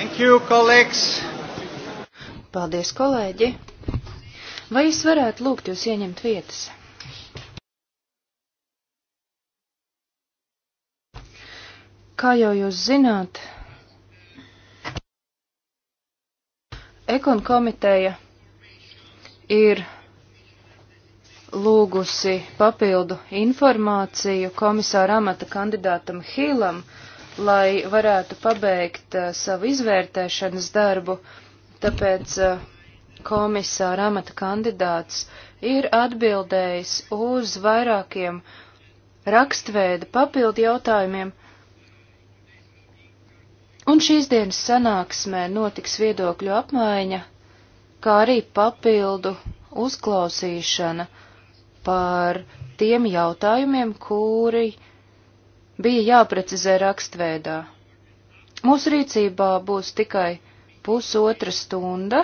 Thank you, colleagues. Paldies, kolēģi. Vai es varētu lūgt jūs ieņemt vietas? Kā jau jūs zināt, Ekon komiteja ir lūgusi papildu informāciju komisāra amata kandidātam Hīlam lai varētu pabeigt uh, savu izvērtēšanas darbu, tāpēc uh, komisāra amata kandidāts ir atbildējis uz vairākiem rakstveida papildu jautājumiem, un šīs dienas sanāksmē notiks viedokļu apmaiņa, kā arī papildu uzklausīšana par tiem jautājumiem, kuri uh, bija jāprecizē rakstveidā. Mūsu rīcībā būs tikai pusotra stunda,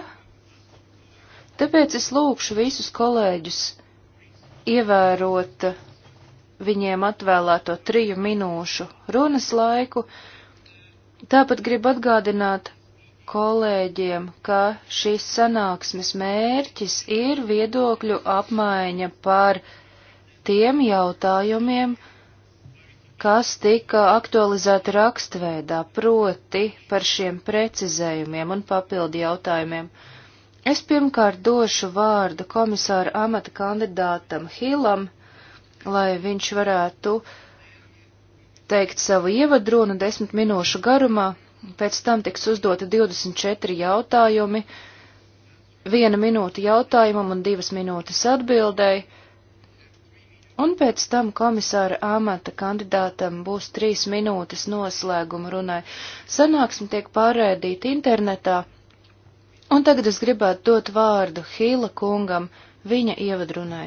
tāpēc es lūkšu visus kolēģus ievērot viņiem atvēlēto triju minūšu runas laiku. Tāpat gribu atgādināt kolēģiem, ka šīs sanāksmes mērķis ir viedokļu apmaiņa par tiem jautājumiem, kas tika aktualizēti rakstveidā, proti par šiem precizējumiem un papildu jautājumiem. Es pirmkārt došu vārdu komisāra amata kandidātam Hilam, lai viņš varētu teikt savu ievadrunu desmit minūšu garumā, pēc tam tiks uzdota 24 jautājumi, viena minūte jautājumam un divas minūtes atbildēji Un pēc tam komisāra amata kandidātam būs trīs minūtes noslēguma runai. Sanāksme tiek pārēdīta internetā. Un tagad es gribētu dot vārdu Hīla kungam viņa ievadrunai.